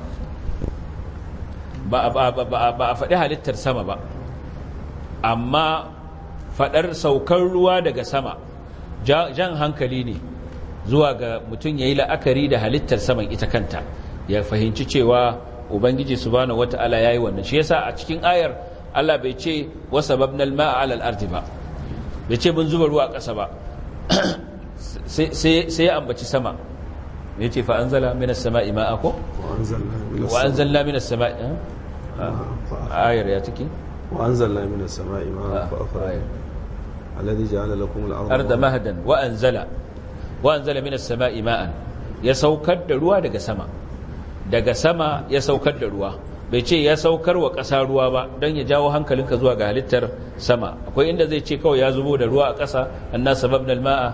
ba a faɗi halittar sama ba amma fadar saukar ruwa daga sama jan hankali ne zuwa ga mutum ya yi la'akari da halittar saman ita kanta ya fahimci cewa ubangiji su wata ala ya yi wannan shi yasa a cikin ayar allah bai ce wasa babnal ma'a alal ba bai ce mun zuba ruwa ƙasa ba sai ya ambaci sama ya ce fa'anzala minas sama'i ma'a ko? wa'anzala minas eh? sama'i ayar ya tuki? وأنزلنا من السماء ماء فأخرج الذي جعل لكم الأرض أرض مهدا وأنزل وأنزل من السماء ماء يسوكر دروا دغ سما daga sama ya saukar da ruwa bai ce ya saukar wa ƙasa ruwa ba don ya jawo hankalinka zuwa ga halittar sama akwai inda zai ce kawai ya zubo da ruwa a ƙasa anna sababna alma'a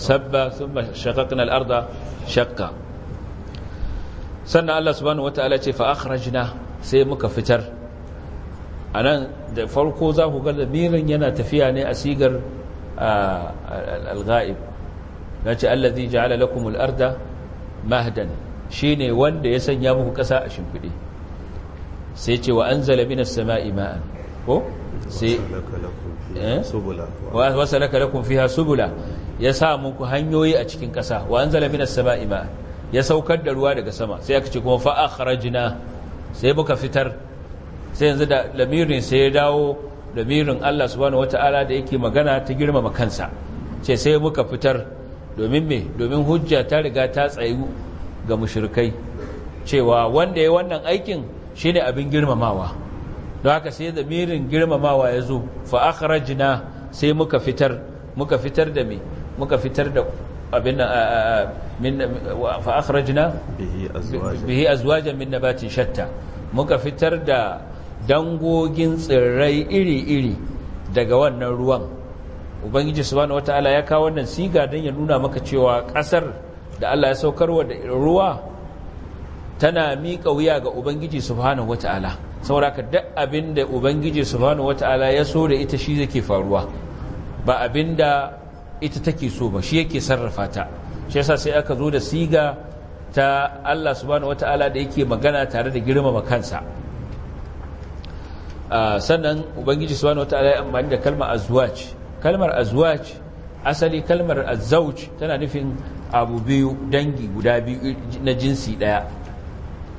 sabba thumma shaqaqna al-arda shaqqa sannan Allah subhanahu wataala ce fa akhrajna sai muka fitar a nan da farko za ku ga mirin yana tafiya ne a sigar al-ghaib na ce allazi ja'ala lakum al-arda mahdan shine wanda ya sanya muku kasa a shimfide sai ce wa anzala minas sama'i ma'an ko sai eh? wa salaka lakum fiha subula ya sa muku hanyoyi a cikin ƙasa wa anzala minas sama'i ma'an ya saukar da ruwa daga sama sai aka ce kuma fa akhrajna sai muka fitar sai yanzu da lamirin sai ya dawo lamirin Allah subhanahu wata'ala da yake magana ta girmama kansa ce sai muka fitar domin me domin hujja ta riga ta tsayu ga mushrikai cewa wanda ya wannan aikin shine abin girmamawa don haka sai lamirin girmamawa ya zo fa akhrajna sai muka fitar muka fitar da me muka fitar da abin min fa akhrajna bihi azwajan min nabatin shatta muka fitar da dangogin tsirrai iri-iri daga wannan ruwan ubangiji subhanahu wataala ya kawo wannan siga don ya nuna maka cewa ƙasar da Allah ya saukar wa da ruwa tana miƙa wuya ga ubangiji subhanahu wataala saboda ka duk abin ubangiji subhanahu wataala ya so da ita shi zake faruwa ba abin ita take so ba shi yake sarrafa ta shi yasa sai aka zo da siga ta Allah subhanahu wataala da yake magana tare da girmama kansa Ah, sannan ubangiji subhanahu wataala ya amfani da kalmar azwaj kalmar azwaj asali kalmar azauj tana nufin abu biyu dangi guda biyu na jinsi daya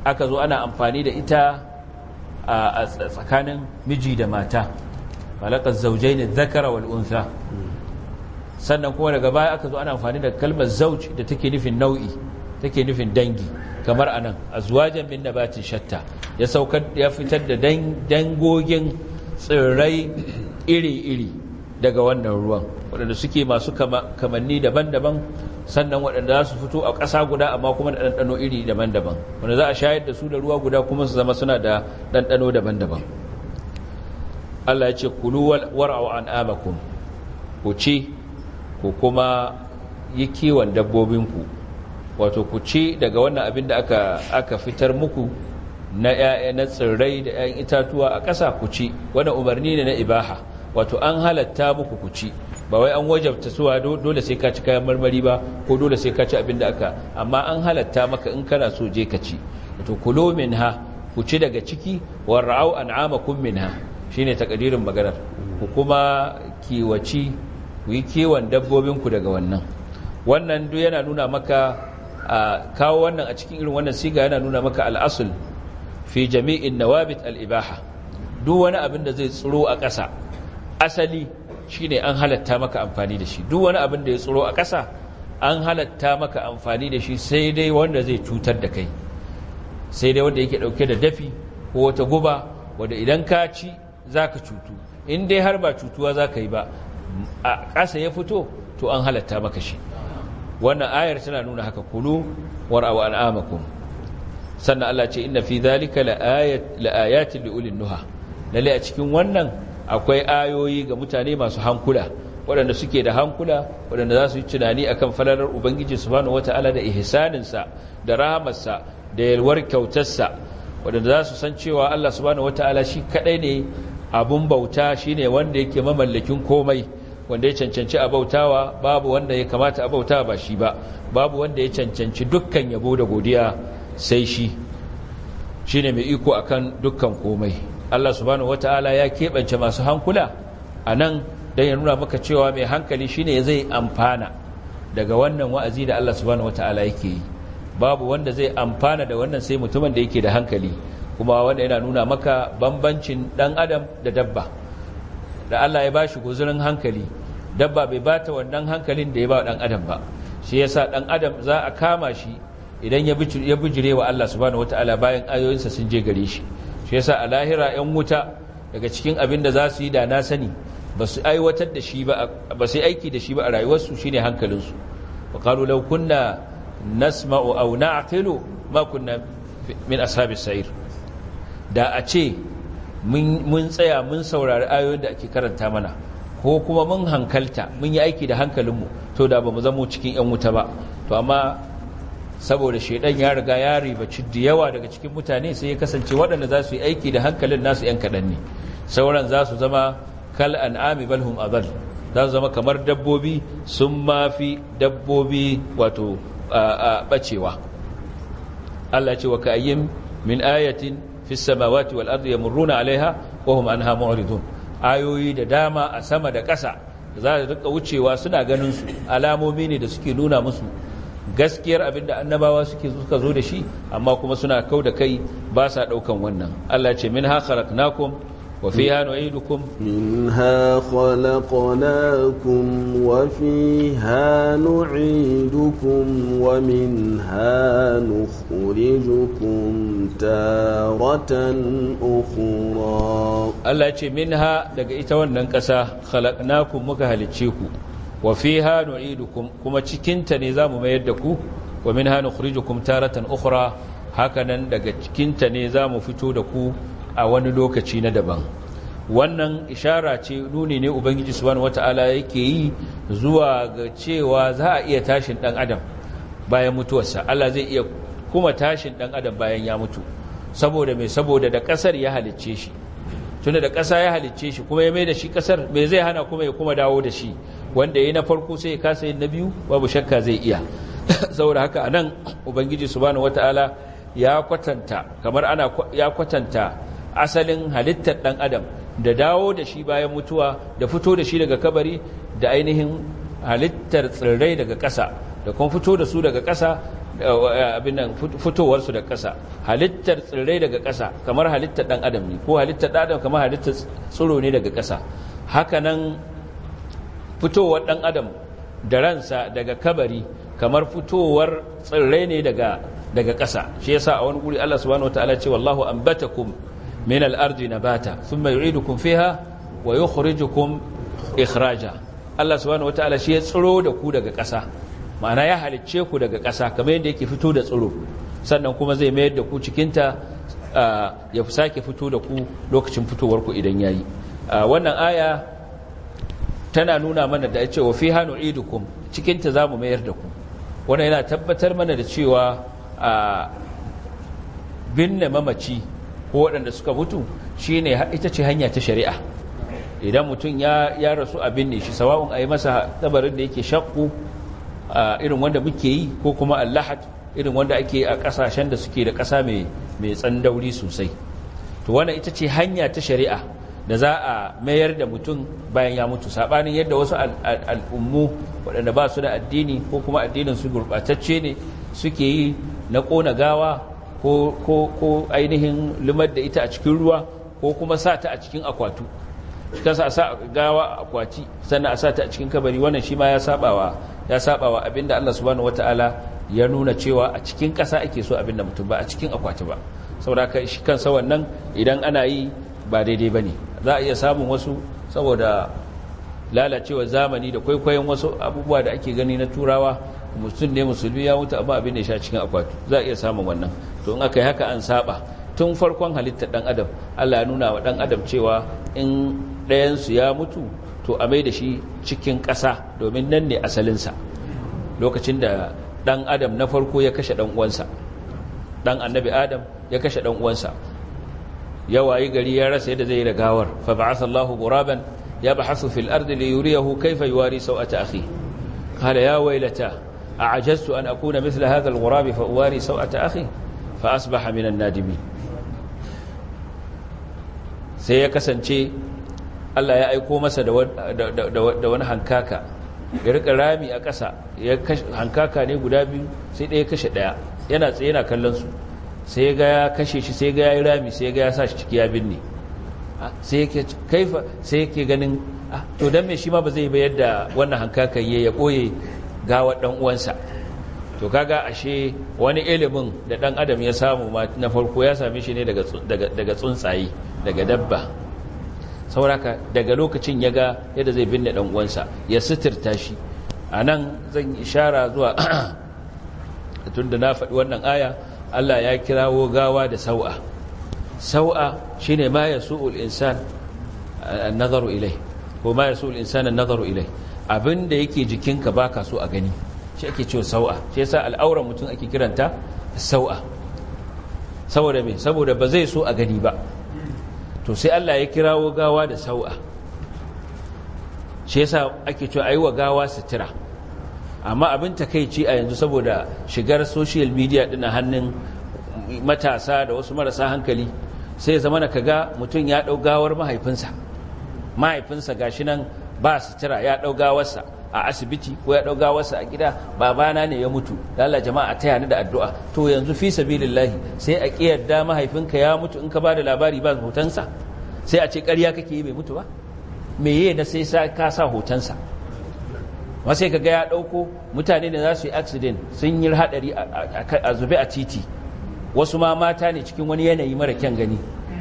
aka zo ana amfani da ita a tsakanin miji da mata malakar zaujai ne zakara wal unsa sannan kuma daga baya aka zo ana amfani da kalmar zauj da take nufin nau'i take nufin dangi kamar anan azwajan min nabatin shatta ya saukar ya fitar da dangogin tsirrai iri-iri daga wannan ruwan waɗanda suke masu kamanni daban-daban sannan waɗanda za su fito a ƙasa guda amma kuma da ɗanɗano iri daban-daban wanda za a shayar da su da ruwa guda kuma su zama suna da ɗanɗano daban-daban Allah ya ce kulu war'au an amakun ku ci ku kuma yi kiwon dabbobinku wato ku ci daga wannan abin da aka aka fitar muku na yaya na tsirrai da 'ya'yan itatuwa a ƙasa ku ci wannan umarni ne na ibaha wato an halatta muku ku ci ba wai an wajabta suwa dole sai ka ci kayan marmari ba ko dole sai ka ci abin da aka amma an halatta maka in kana so je ka ci wato kulo minha ku ci daga ciki wa ra'au an'amakum minha shine takadirin maganar ku kuma kiwaci ku yi kiwon dabbobinku daga wannan wannan duk yana nuna maka a kawo wannan a cikin irin wannan siga yana nuna maka al'asul fi jami'in nawabit al'ibaha duk wani abin da zai tsiro a ƙasa asali shine an halatta maka amfani da shi duk wani abin da ya tsiro a ƙasa an halatta maka amfani da shi sai dai wanda zai cutar da kai sai dai wanda yake ɗauke da dafi ko wata guba wanda idan ka ci za ka cutu in dai har ba cutuwa za ka yi ba a ƙasa ya fito to an halatta maka shi wannan ayar tana nuna haka kulu war'u an'amakum sannan Allah ce inna fi dhalika laayatin liulin nuha lalle a cikin wannan akwai ayoyi ga mutane masu hankula waɗanda suke da hankula waɗanda za su yi tunani akan falalar ubangiji subhanahu wataala da ihsaninsa da rahamarsa da yalwar kyautarsa waɗanda za su san cewa Allah subhanahu wataala shi kadai ne abun bauta shine wanda yake mamallakin komai wanda ya cancanci a bautawa babu wanda ya kamata a bautawa ba shi ba babu wanda ya cancanci dukkan yabo da godiya sai shi shi ne mai iko a kan dukkan komai Allah subhanahu wata'ala ya keɓance masu hankula a nan don ya nuna maka cewa mai hankali shi ne zai amfana daga wannan wa'azi da Allah subhanahu wata'ala yake yi babu wanda zai amfana da wannan sai mutumin da yake da hankali kuma wanda yana nuna maka bambancin ɗan adam da dabba da Allah ya bashi guzurin hankali dabba bai bata wannan hankalin da ya ba dan adam ba shi yasa dan adam za a kama shi idan ya ya bijire wa Allah subhanahu wataala bayan sa sun je gare shi shi yasa a lahira yan wuta daga cikin abin da za su yi da na sani ba su aiwatar da shi ba ba su aiki da shi ba a rayuwarsu shine hankalin su wa qalu law kunna nasma'u aw na'qilu ma kunna min ashabis sa'ir da a ce mun tsaya mun saurari ayoyin da ake karanta mana ko kuma mun hankalta mun yi aiki da hankalinmu to da ba mu zamo cikin 'yan wuta ba to amma saboda shaidan ya riga ya ribaci da yawa daga cikin mutane sai ya kasance waɗanda za su yi aiki da hankalin nasu 'yan kaɗan ne sauran za su zama kal an'ami bal hum za su zama kamar dabbobi sun mafi dabbobi wato bacewa Allah ce wa ka'ayyin min ayatin fi samawati wal ardi yamurruna alaiha wa hum anha mu'ridun ayoyi da dama a sama da ƙasa za su rika wucewa suna ganin su alamomi ne da suke nuna musu gaskiyar abinda annabawa suke suka zo da shi amma kuma suna kau da kai ba sa daukan wannan Allah ce min ha khalaqnakum وفيها نعيدكم منها خلقناكم وفيها نعيدكم ومنها نخرجكم تارة أخرى الله يقول منها لقيت وننكسا خلقناكم مكهلتشيكو وفيها نعيدكم كما تشكنت نظام ما يدكو ومنها نخرجكم تارة أخرى هكذا لقيت كنت نظام فتودكو a wani lokaci na daban wannan ishara ce nuni ne ubangiji subhanahu wata'ala yake yi zuwa ga cewa za a iya tashin dan adam bayan mutuwarsa Allah zai iya kuma tashin dan adam bayan ya mutu saboda mai saboda da kasar ya halicce shi tunda da kasa ya halicce shi kuma ya mai da shi kasar mai zai hana kuma ya kuma dawo da shi wanda yayi na farko sai ya kasa yin na biyu babu shakka zai iya saboda haka anan ubangiji subhanahu wata'ala ya kwatanta kamar ana ya kwatanta asalin halittar ɗan adam da dawo da shi bayan mutuwa da fito da shi daga kabari da ainihin halittar tsirrai daga ƙasa da kuma fito da su daga ƙasa eh, abinan fitowarsu daga ƙasa halittar tsirrai daga ƙasa kamar halittar ɗan adam ne ko halittar ɗan adam kamar halittar tsiro ne daga ƙasa hakanan fitowar ɗan adam da ransa daga kabari kamar fitowar tsirrai ne daga ƙasa shi yasa a wani guri Allah subhanahu wataala ce wallahu ambatakum min al-ardi nabata thumma yu'idukum fiha wa yukhrijukum ikraja. Allah subhanahu wataala shi ya tsiro da ku daga ƙasa ma'ana ya halicce ku daga ƙasa kamar yadda yake fito da tsiro sannan kuma zai mayar da ku cikinta ya sake fito da ku lokacin fitowar ku idan yayi wannan aya tana nuna mana da cewa fi hanu idukum cikinta zamu mayar da ku wannan yana tabbatar mana da cewa binne mamaci ko waɗanda suka mutu shi ne ita ce hanya ta shari'a idan mutum ya rasu a binne shi sawa'un a yi masa tabarin da yake shakku irin wanda muke yi ko kuma allahat irin wanda ake a ƙasashen da suke da ƙasa mai tsandauri sosai to wannan ita ce hanya ta shari'a da za a mayar da mutum bayan ya mutu saɓanin yadda wasu al'ummu waɗanda ba su da addini ko kuma addinin su gurɓatacce ne suke yi na ƙona gawa ko ainihin limar da ita a cikin ruwa ko kuma sa ta a cikin akwatu ta sa sa gawa akwati sannan a sa ta a cikin kabari wannan shi ma ya sabawa ya sabawa abinda Allah subhanahu wataala ya nuna cewa a cikin kasa ake so abinda mutum ba a cikin akwati ba saboda shi kansa wannan idan ana yi ba daidai bane za a iya samun wasu saboda lalacewa zamani da kwaikwayon wasu abubuwa da ake gani na turawa mutum ne musulmi ya mutu amma abin da ya sha cikin akwati za a iya samun wannan to in aka yi haka an saba tun farkon halittar dan adam Allah ya nuna wa dan adam cewa in ɗayansu ya mutu to a mai da shi cikin ƙasa domin nan ne asalinsa lokacin da dan adam na farko ya kashe dan uwansa dan annabi adam ya kashe dan uwansa ya wayi gari ya rasa yadda zai ragawar fa ba'atha Allahu ghuraban yabhasu fil ardi li yuriyahu kayfa yuwari sawata akhi qala ya waylata أعجزت أن أكون مثل هذا الغراب فأواري سوءة أخي فأصبح من النادمين sai ya kasance Allah ya aiko masa da wani hankaka ya rika rami a ƙasa hankaka ne guda biyu sai ɗaya kashe ɗaya yana tsena kallon su sai ga ya kashe shi sai ga ya yi rami sai ga ya sa shi binne sai yake kaifa ganin to me shi ma ba zai bayar da wannan hankaka ya ya ɓoye gawar ɗan uwansa to kaga ashe wani ilimin da ɗan adam ya samu na farko ya same shi ne daga tsuntsaye daga dabba sauraka daga lokacin ya ga yadda zai binne ɗan uwansa ya suturta shi a nan zan ishara zuwa tun da na faɗi wannan aya Allah ya kirawo gawa da sau'a sau'a shi shine ma yasu'ul insan nazaru ilai ko ma insan nazaru ilai abin da yake jikinka ba ka so a gani shi ake cewa sau'a shi yasa al'auran mutum ake kiranta sau'a saboda me saboda ba zai so a gani ba to sai Allah ya kirawo gawa da sau'a shi yasa ake cewa a wa gawa sutura amma abin takeici a yanzu saboda shigar social media din a hannun matasa da wasu marasa hankali sai zama na ga mutum ya dau gawar mahaifinsa mahaifinsa gashi nan ba sutura ya ɗau gawarsa a asibiti ko ya ɗauga gawarsa a gida babana ne ya mutu lalata jama'a ta yana da addu'a to yanzu fi sabilillahi sai a ƙiyarda mahaifinka ya mutu in ka ba da labari ba hotonsa sai a ce ƙarya kake yi bai mutu ba me yi na sai ka sa hotonsa ma sai ka ga ya ɗauko mutane da za su yi accident sun yi haɗari a zube a titi wasu ma mata ne cikin wani yanayi mara kyan gani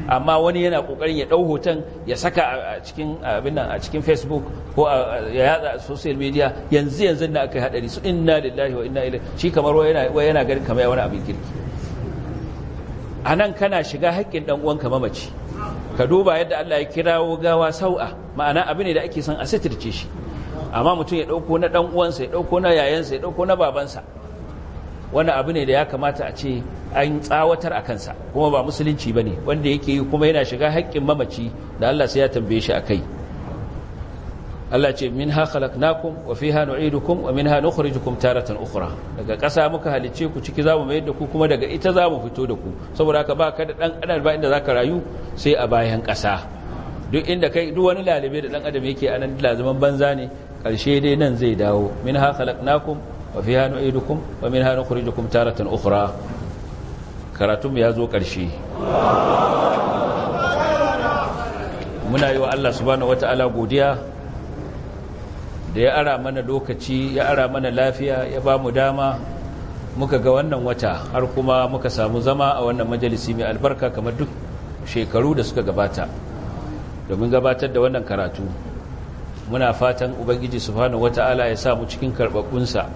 amma wani yana kokarin ya dau hoton ya saka a cikin abin nan a cikin facebook ko ya yatsa a social media yanzu yanzu da aka hadari su inna lillahi wa inna ilaihi shi kamar yana yana ganin kamar wani abin kirki anan kana shiga haƙƙin dan ka mamaci ka duba yadda Allah ya kirawo gawa sau'a ma'ana abu ne da ake son a sitirce shi amma mutum ya dauko na dan uwansa ya dauko na yayansa ya dauko na babansa wannan abu ne da ya kamata a ce an tsawatar a kansa kuma ba musulunci ba ne wanda yake yi kuma yana shiga haƙƙin mamaci da Allah sai ya tambaye shi a kai Allah ce min ha khalaqnakum wa fiha nu'idukum wa minha nukhrijukum taratan ukhra daga ƙasa muka halice ku ciki zamu mayar da ku kuma daga ita zamu fito da ku saboda haka ba ka da dan adam ba inda zaka rayu sai a bayan ƙasa duk inda kai duk wani lalibe da dan adam yake anan lazuman banza ne karshe dai nan zai dawo min ha khalaqnakum wa fiha nu'idukum wa minha nukhrijukum taratan ukhra mu ya zo ƙarshe muna yi wa Allah subhanahu wata'ala godiya da ya ara mana lokaci ya ara mana lafiya ya ba mu dama muka ga wannan wata har kuma muka samu zama a wannan majalisi mai albarka kamar duk shekaru da suka gabata domin gabatar da wannan karatu muna fatan ubangiji subhanahu wata'ala ya sa mu cikin karɓaɓɓunsa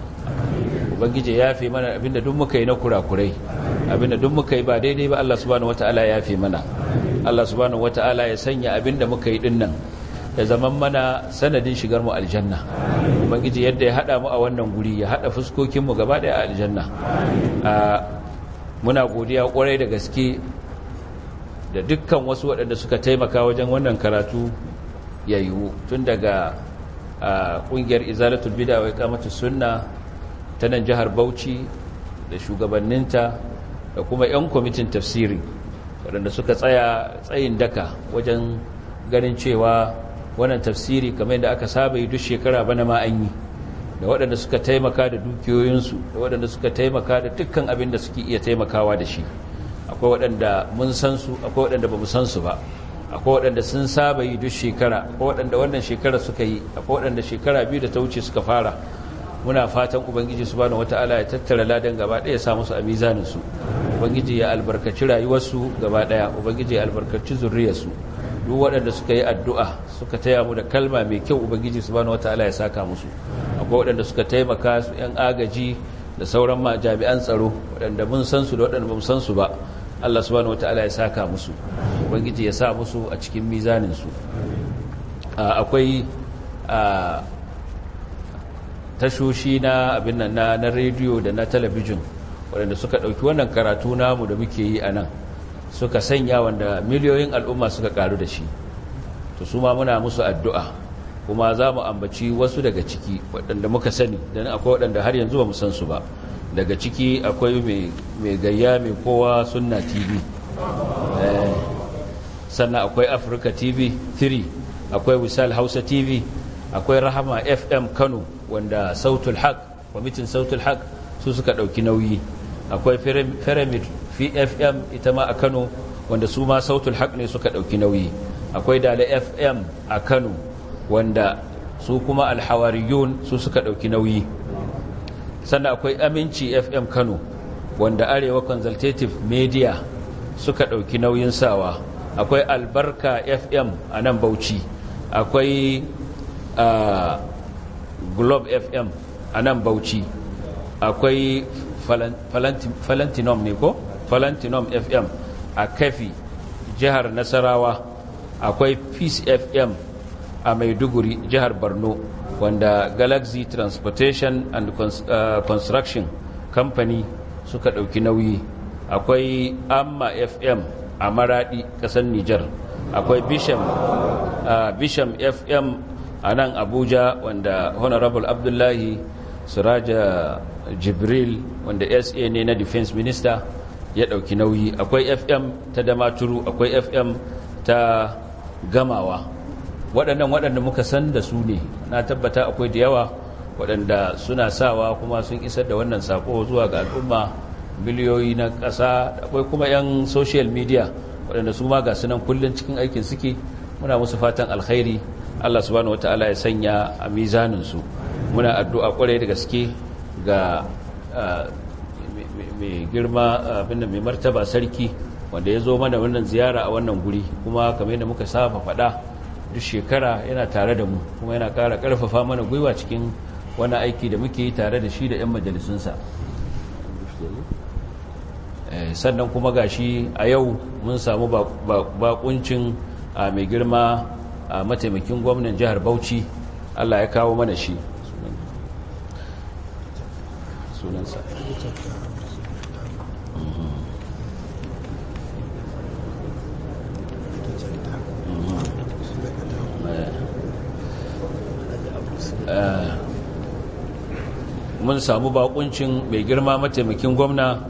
ubangiji ya yafe mana abinda duk muka yi na kurakurai abinda duk muka yi ba daidai ba Allah subhanahu wataala ya yafe mana Allah subhanahu wataala ya sanya abinda muka yi dinnan ya zaman mana sanadin shigar mu aljanna ubangiji yadda ya hada mu a wannan guri ya hada fuskokin mu gaba daya a aljanna muna godiya kwarai da gaske da dukkan wasu waɗanda suka taimaka wajen wannan karatu ya yiwu tun daga ƙungiyar izalatul bida wa iqamatus sunna ta nan jihar bauchi da shugabanninta da kuma 'yan kwamitin tafsiri waɗanda suka tsaya tsayin daka wajen ganin cewa wannan tafsiri kamar yadda aka saba yi duk shekara bana ma an yi da waɗanda suka taimaka da dukiyoyinsu da waɗanda suka taimaka da dukkan abin da suke iya taimakawa da shi akwai waɗanda mun san su akwai waɗanda ba mu san su ba akwai waɗanda sun saba yi duk shekara akwai waɗanda wannan shekara suka yi akwai waɗanda shekara biyu da ta wuce suka fara muna fatan ubangiji subhanahu wataala ya tattara ladan gaba daya ya sa musu a mizanin su ubangiji ya albarkaci rayuwarsu gaba daya ubangiji ya albarkaci zurriyarsu duk waɗanda suka yi addu'a suka taya mu da kalma mai kyau ubangiji subhanahu wataala ya saka musu akwai waɗanda suka taimaka su yan agaji da sauran ma jami'an tsaro waɗanda mun san su da waɗanda mun san su ba Allah subhanahu wataala ya saka musu ubangiji ya sa musu a cikin mizanin su ah, akwai ah, tashoshi na abin na na rediyo da na talabijin waɗanda suka ɗauki wannan karatu namu da muke yi a nan suka sanya wanda miliyoyin al'umma suka ƙaru da shi to su ma muna musu addu'a kuma za mu ambaci wasu daga ciki waɗanda muka sani don akwai waɗanda har yanzu ba mu san su ba daga ciki akwai mai gayya mai kowa sunna tv eh, sannan akwai africa tv 3 akwai wisal hausa tv akwai rahama fm kano wanda sautul haq kwamitin sautul haq su suka ɗauki nauyi akwai pyramid fm ita ma a kano wanda su ma sautul haq ne suka ɗauki nauyi akwai dala fm a kano wanda su kuma alhawariyun su suka ɗauki nauyi sannan akwai aminci fm kano wanda arewa consultative media suka ɗauki nauyin sawa akwai albarka fm a nan bauchi akwai ah, globe fm a nan bauchi akwai falantinom ne ko falantinom fm a kafi jihar nasarawa akwai peace fm a maiduguri jihar borno wanda galaxy transportation and uh, construction company suka ɗauki nauyi akwai amma fm a maraɗi ƙasar nijar akwai bisham fm uh, a nan abuja wanda honorable abdullahi suraja jibril wanda sa ne na defense minister ya dauki nauyi akwai fm ta damaturu akwai fm ta gamawa waɗannan waɗanda muka san da su ne na tabbata akwai da yawa waɗanda suna sawa kuma sun isar da wannan sako zuwa ga al'umma miliyoyi na ƙasa akwai kuma 'yan social media waɗanda su ma ga sunan kullum cikin aikin suke muna musu fatan alkhairi Allah subhanahu wataala ya sanya a mizanin su muna addu'a kwarai da gaske ga mai girma abinda mai martaba sarki wanda ya zo mana wannan ziyara a wannan guri kuma kamar yadda muka saba faɗa duk shekara yana tare da mu kuma yana ƙara ƙarfafa mana gwiwa cikin wani aiki da muke yi tare da shi da 'yan majalisunsa eh, sannan kuma gashi a yau mun samu bakuncin mai girma A mataimakin gwamnan jihar bauchi allah ya kawo mana shi mm-hmm. mun samu bakuncin mai girma mataimakin gwamna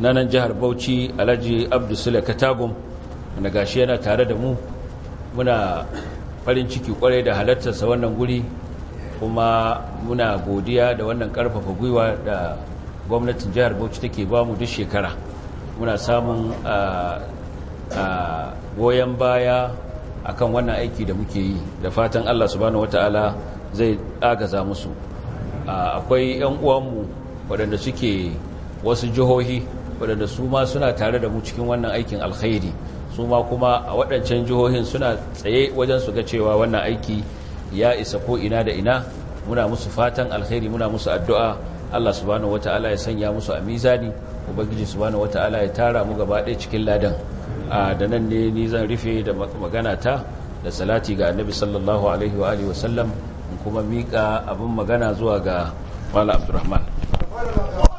na nan jihar bauchi alhaji abdulsula katagum wanda gashi yana tare da mu muna farin ciki kwarai da halartarsa wannan guri kuma muna godiya da wannan karfafa gwiwa da gwamnatin jihar bauchi take bamu duk shekara muna samun goyon baya akan wannan aiki da muke yi da fatan allah subhanahu wataala zai agaza musu akwai 'yan uwanmu waɗanda suke wasu jihohi waɗanda su ma suna tare da mu cikin wannan aikin alkhairi su ma kuma a waɗancan jihohin suna tsaye wajen su ga cewa wannan aiki ya isa ko ina da ina muna musu fatan alkhairi muna musu addu'a Allah subhanahu wata'ala ya sanya musu a mizani ubangiji subhanahu wata'ala ya tara mu gaba ɗaya cikin ladan a da nan ne ni zan rufe da magana ta da salati ga annabi sallallahu alaihi wa alihi wa sallam kuma miƙa abin magana zuwa ga malam Abdulrahman.